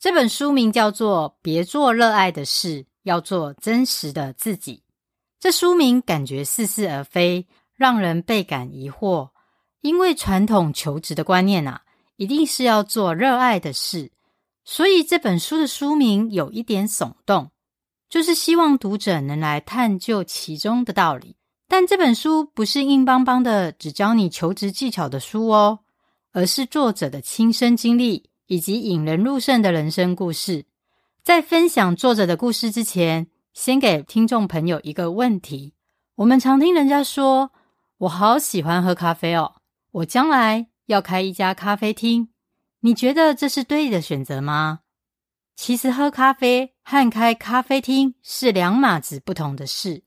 這本書名叫做《別做熱愛的事，要做真實的自己》。這書名感覺似是而非，讓人倍感疑惑。因為傳統求職的觀念啊，一定是要做熱愛的事，所以這本書的書名有一點聳動，就是希望讀者能來探究其中的道理。但這本書不是硬邦邦的只教你求職技巧的書哦，而是作者的親身經歷。以及引人入勝的人生故事，在分享作者的故事之前，先給聽眾朋友一個問題：我們常聽人家說“我好喜歡喝咖啡哦，我將來要開一家咖啡廳。”你覺得這是對的選擇嗎？其實，喝咖啡和開咖啡廳是兩碼子不同的事，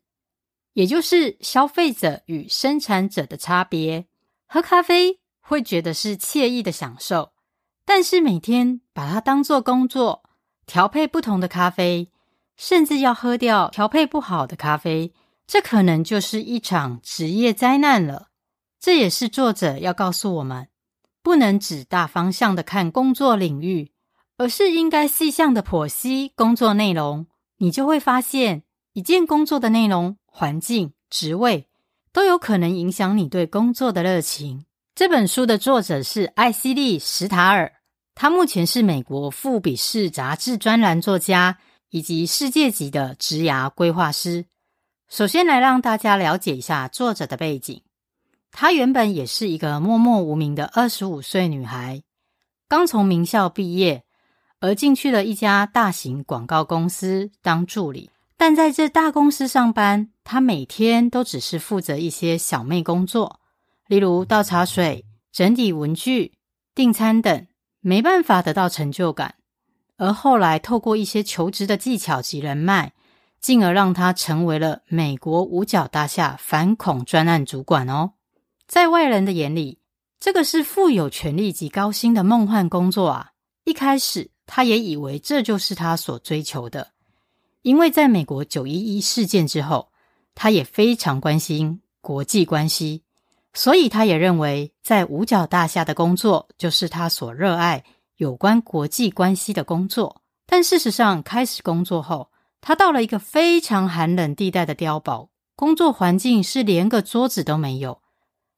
也就是消費者與生產者的差別。喝咖啡會覺得是愜意的享受。但是每天把它當做工作，調配不同的咖啡，甚至要喝掉調配不好的咖啡，這可能就是一場職業災難了。這也是作者要告訴我們：不能只大方向的看工作領域，而是應該細項的剖析工作內容。你就會發現，一件工作的內容、環境、職位都有可能影響你對工作的熱情。這本書的作者是艾希莉·史塔爾。他目前是美國《富比士》雜誌專欄作家，以及世界級的職涯規劃師。首先，來讓大家了解一下作者的背景。他原本也是一個默默無名的二十五歲女孩，剛從名校畢業，而進去了一家大型廣告公司當助理。但在這大公司上班，他每天都只是負責一些小妹工作，例如倒茶水、整理文具、訂餐等。沒辦法得到成就感，而後來透過一些求職的技巧及人脈，進而讓他成為了美國五角大廈反恐專案主管哦。在外人的眼裡，這個是富有權力及高薪的夢幻工作啊！一開始他也以為這就是他所追求的，因為在美國九一一事件之後，他也非常關心國際關係。所以，他也認為在五角大廈的工作就是他所熱愛有關國際關係的工作。但事實上，開始工作後，他到了一個非常寒冷地帶的碉堡，工作環境是連個桌子都沒有，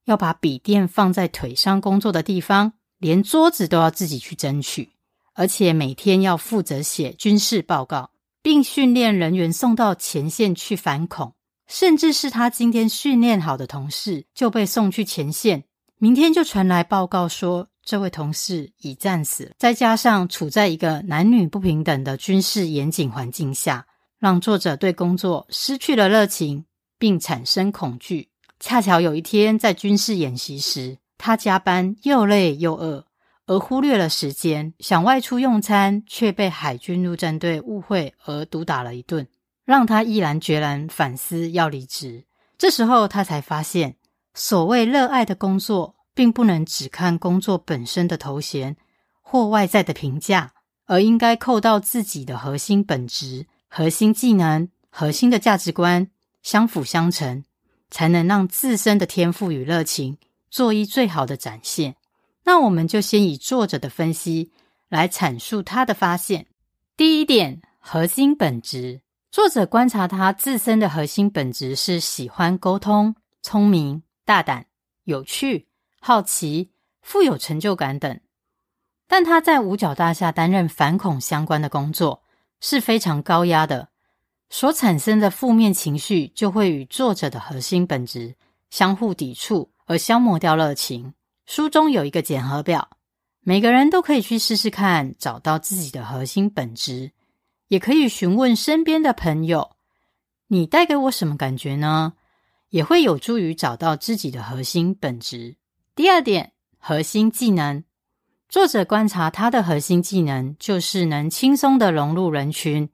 要把筆電放在腿上工作的地方，連桌子都要自己去爭取，而且每天要負責寫軍事報告，並訓練人員送到前線去反恐。甚至是他今天訓練好的同事就被送去前線，明天就傳來報告說這位同事已戰死了。再加上處在一個男女不平等的軍事嚴謹環境下，讓作者對工作失去了熱情，並產生恐懼。恰巧有一天在軍事演習時，他加班又累又餓，而忽略了時間，想外出用餐卻被海軍陸戰隊誤會而毒打了一頓。讓他毅然決然反思要離職，這時候他才發現，所謂熱愛的工作，並不能只看工作本身的頭銜或外在的評價，而應該扣到自己的核心本質、核心技能、核心的價值觀相輔相成，才能讓自身的天賦與熱情做一最好的展現。那我們就先以作者的分析來闡述他的發現。第一點，核心本質。作者觀察他自身的核心本質是喜歡溝通、聰明、大膽、有趣、好奇、富有成就感等。但他在五角大廈擔任反恐相關的工作，是非常高壓的，所產生的負面情緒就會與作者的核心本質相互抵觸，而消磨掉熱情。書中有一個檢核表，每個人都可以去試試看，找到自己的核心本質。也可以詢問身邊的朋友，你帶給我什麼感覺呢？也會有助於找到自己的核心本質。第二點，核心技能。作者觀察他的核心技能，就是能輕鬆的融入人群，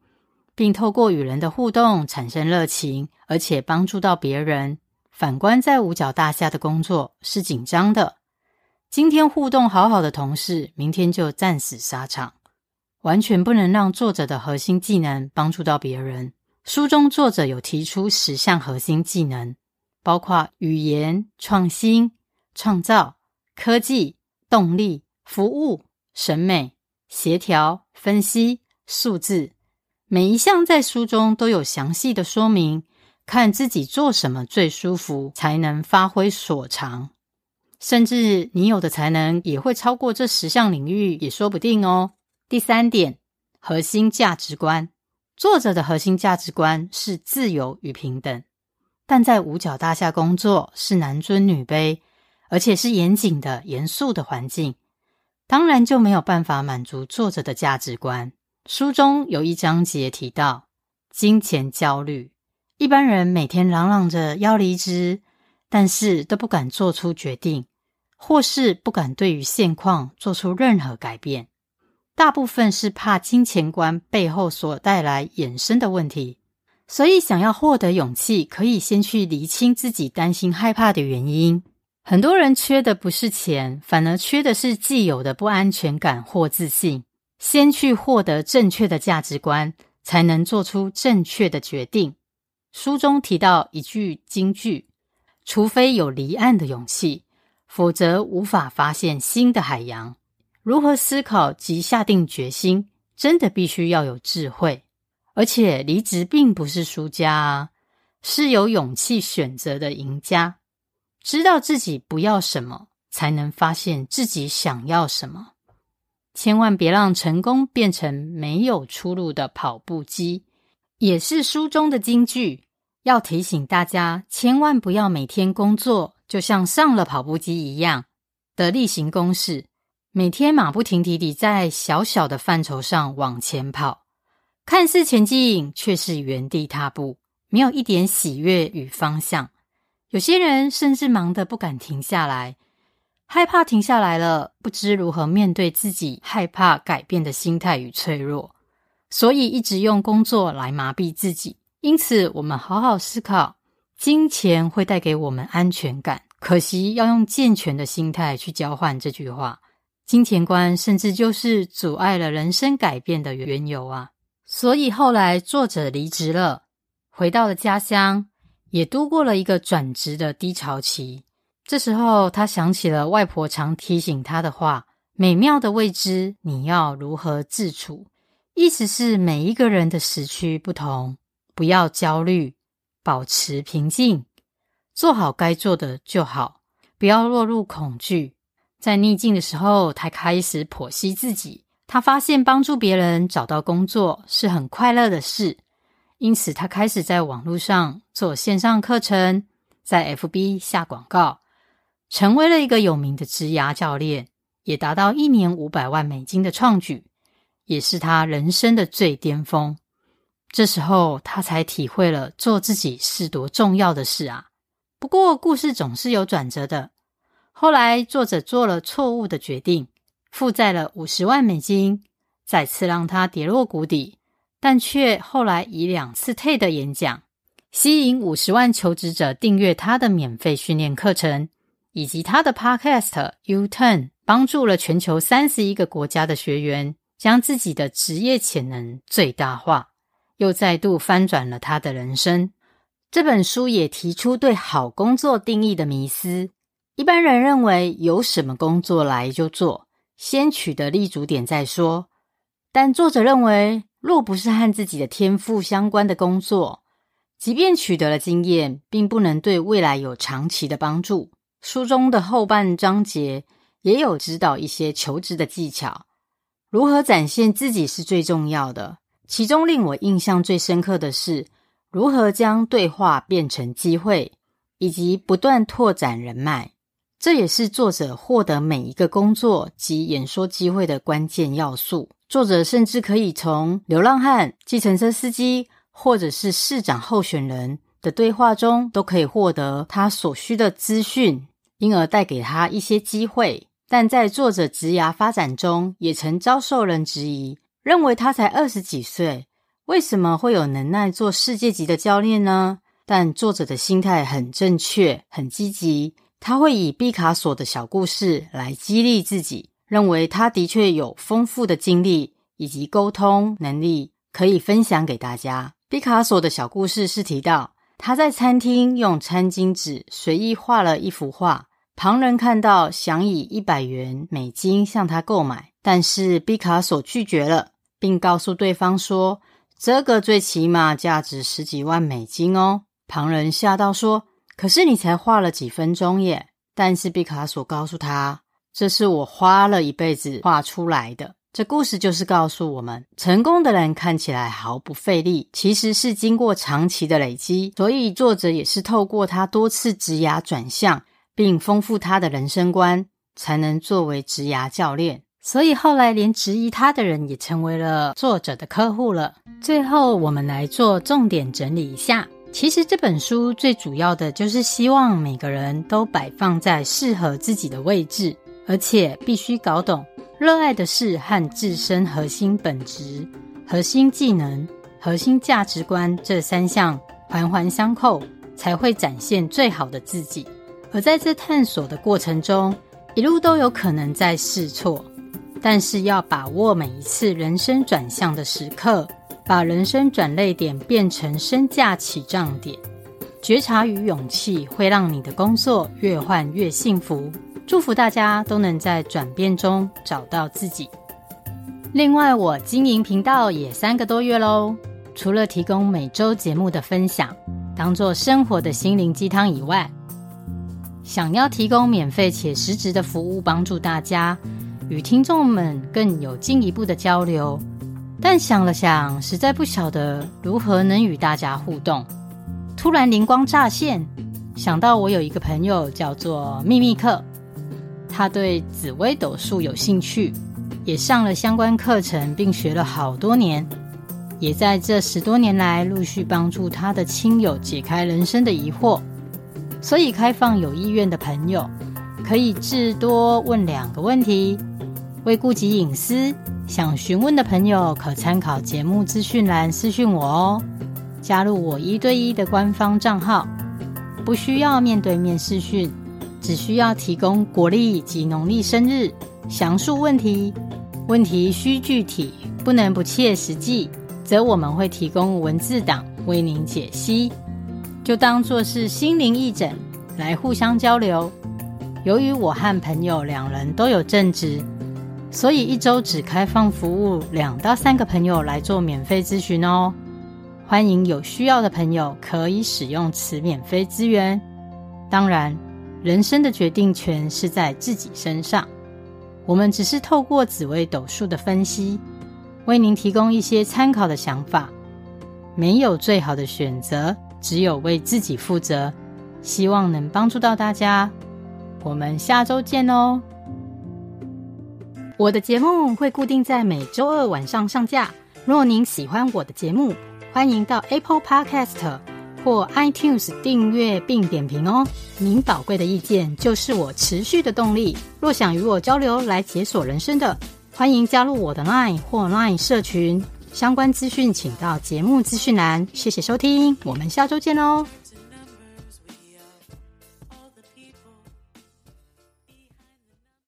並透過與人的互動產生熱情，而且幫助到別人。反觀在五角大廈的工作是緊張的，今天互動好好的同事，明天就戰死沙場。完全不能讓作者的核心技能幫助到別人。書中作者有提出十項核心技能，包括語言、創新、創造、科技、動力、服務、審美、協調、分析、數字。每一項在書中都有詳細的說明，看自己做什麼最舒服，才能發揮所長。甚至你有的才能也會超過這十項領域，也說不定哦。第三點，核心價值觀。作者的核心價值觀是自由與平等，但在五角大廈工作是男尊女卑，而且是嚴謹的、嚴肅的環境，當然就沒有辦法滿足作者的價值觀。書中有一章節提到金錢焦慮，一般人每天嚷嚷着要離職，但是都不敢做出決定，或是不敢對於現況做出任何改變。大部分是怕金錢觀背後所帶來衍生的問題，所以想要獲得勇氣，可以先去釐清自己擔心害怕的原因。很多人缺的不是錢，反而缺的是既有的不安全感或自信。先去獲得正確的價值觀，才能做出正確的決定。書中提到一句金句：“除非有離岸的勇氣，否則無法發現新的海洋。”如何思考及下定決心，真的必須要有智慧。而且離職並不是輸家啊，是有勇氣選擇的贏家。知道自己不要什麼，才能發現自己想要什麼。千萬別讓成功變成沒有出路的跑步機，也是書中的金句，要提醒大家，千萬不要每天工作就像上了跑步機一樣的例行公事。每天馬不停蹄地在小小的範疇上往前跑，看似前進，卻是原地踏步，沒有一點喜悅與方向。有些人甚至忙得不敢停下來，害怕停下來了，不知如何面對自己害怕改變的心態與脆弱，所以一直用工作來麻痹自己。因此，我們好好思考，金錢會帶給我們安全感，可惜要用健全的心態去交換這句話。金錢觀甚至就是阻礙了人生改變的緣由啊！所以後來作者離職了，回到了家鄉，也度過了一個轉職的低潮期。這時候，他想起了外婆常提醒他的話：“美妙的未知，你要如何自處？”意思是每一個人的時區不同，不要焦慮，保持平靜，做好該做的就好，不要落入恐懼。在逆境的時候，他開始剖析自己。他發現幫助別人找到工作是很快樂的事，因此他開始在網絡上做線上課程，在 FB 下廣告，成為了一個有名的職涯教練，也達到一年五百萬美金的創舉，也是他人生的最巔峰。這時候，他才體會了做自己是多重要的事啊！不過，故事總是有轉折的。後來，作者做了錯誤的決定，負債了五十萬美金，再次讓他跌落谷底。但卻後來以兩次 TED 的演講，吸引五十萬求職者訂閱他的免費訓練課程，以及他的 Podcast U-Turn，幫助了全球三十一個國家的學員將自己的職業潛能最大化，又再度翻轉了他的人生。這本書也提出對好工作定義的迷思。一般人認為，有什麼工作來就做，先取得立足點再說。但作者認為，若不是和自己的天賦相關的工作，即便取得了經驗，並不能對未來有長期的幫助。書中的後半章節也有指導一些求職的技巧，如何展現自己是最重要的。其中令我印象最深刻的是，如何將對話變成機會，以及不斷拓展人脈。這也是作者獲得每一個工作及演說機會的關鍵要素。作者甚至可以從流浪漢、計程車司機，或者是市長候選人的對話中，都可以獲得他所需的資訊，因而帶給他一些機會。但在作者職涯發展中，也曾遭受人質疑，認為他才二十幾歲，為什麼會有能耐做世界級的教練呢？但作者的心態很正確，很積極。他會以畢卡索的小故事來激勵自己，認為他的確有豐富的經歷以及溝通能力可以分享給大家。畢卡索的小故事是提到他在餐廳用餐巾紙隨意畫了一幅畫，旁人看到想以一百元美金向他購買，但是畢卡索拒絕了，並告訴對方說：“這個最起碼價值十幾萬美金哦。”旁人嚇到說。可是你才畫了幾分鐘耶！但是畢卡索告訴他：“這是我花了一輩子畫出來的。”這故事就是告訴我們，成功的人看起來毫不費力，其實是經過長期的累積。所以作者也是透過他多次職涯轉向，並豐富他的人生觀，才能作為職涯教練。所以後來連質疑他的人也成為了作者的客戶了。最後，我們來做重點整理一下。其實這本書最主要的就是希望每個人都擺放在適合自己的位置，而且必須搞懂熱愛的事和自身核心本質、核心技能、核心價值觀這三項環環相扣，才會展現最好的自己。而在這探索的過程中，一路都有可能再試錯，但是要把握每一次人生轉向的時刻。把人生轉捩點變成身價起漲點，覺察與勇氣會讓你的工作越換越幸福。祝福大家都能在轉變中找到自己。另外，我經營頻道也三個多月嘍，除了提供每周節目的分享，當做生活的心靈雞湯以外，想要提供免費且實質的服務，幫助大家與聽眾們更有進一步的交流。但想了想，實在不曉得如何能與大家互動。突然靈光乍現，想到我有一個朋友叫做秘密客，他對紫微斗數有興趣，也上了相關課程，並學了好多年，也在這十多年來陸續幫助他的親友解開人生的疑惑。所以，開放有意願的朋友，可以至多問兩個問題，為顧及隱私。想詢問的朋友，可參考節目資訊欄私訊我哦。加入我一對一的官方賬號，不需要面對面視訊，只需要提供國曆及農曆生日，詳述問題。問題需具體，不能不切實際，則我們會提供文字檔為您解析，就當做是心靈義診來互相交流。由於我和朋友兩人都有正職。所以一週只開放服務兩到三個朋友來做免費諮詢哦，歡迎有需要的朋友可以使用此免費資源。當然，人生的決定權是在自己身上，我們只是透過紫微斗數的分析，為您提供一些參考的想法。沒有最好的選擇，只有為自己負責。希望能幫助到大家，我們下週見哦。我的節目會固定在每周二晚上上架。若您喜歡我的節目，歡迎到 Apple Podcast 或 iTunes 訂閱並點評哦。您寶貴的意見就是我持續的動力。若想與我交流來解鎖人生的，歡迎加入我的 LINE 或 LINE 社群。相關資訊請到節目資訊欄。謝謝收聽，我們下周見哦。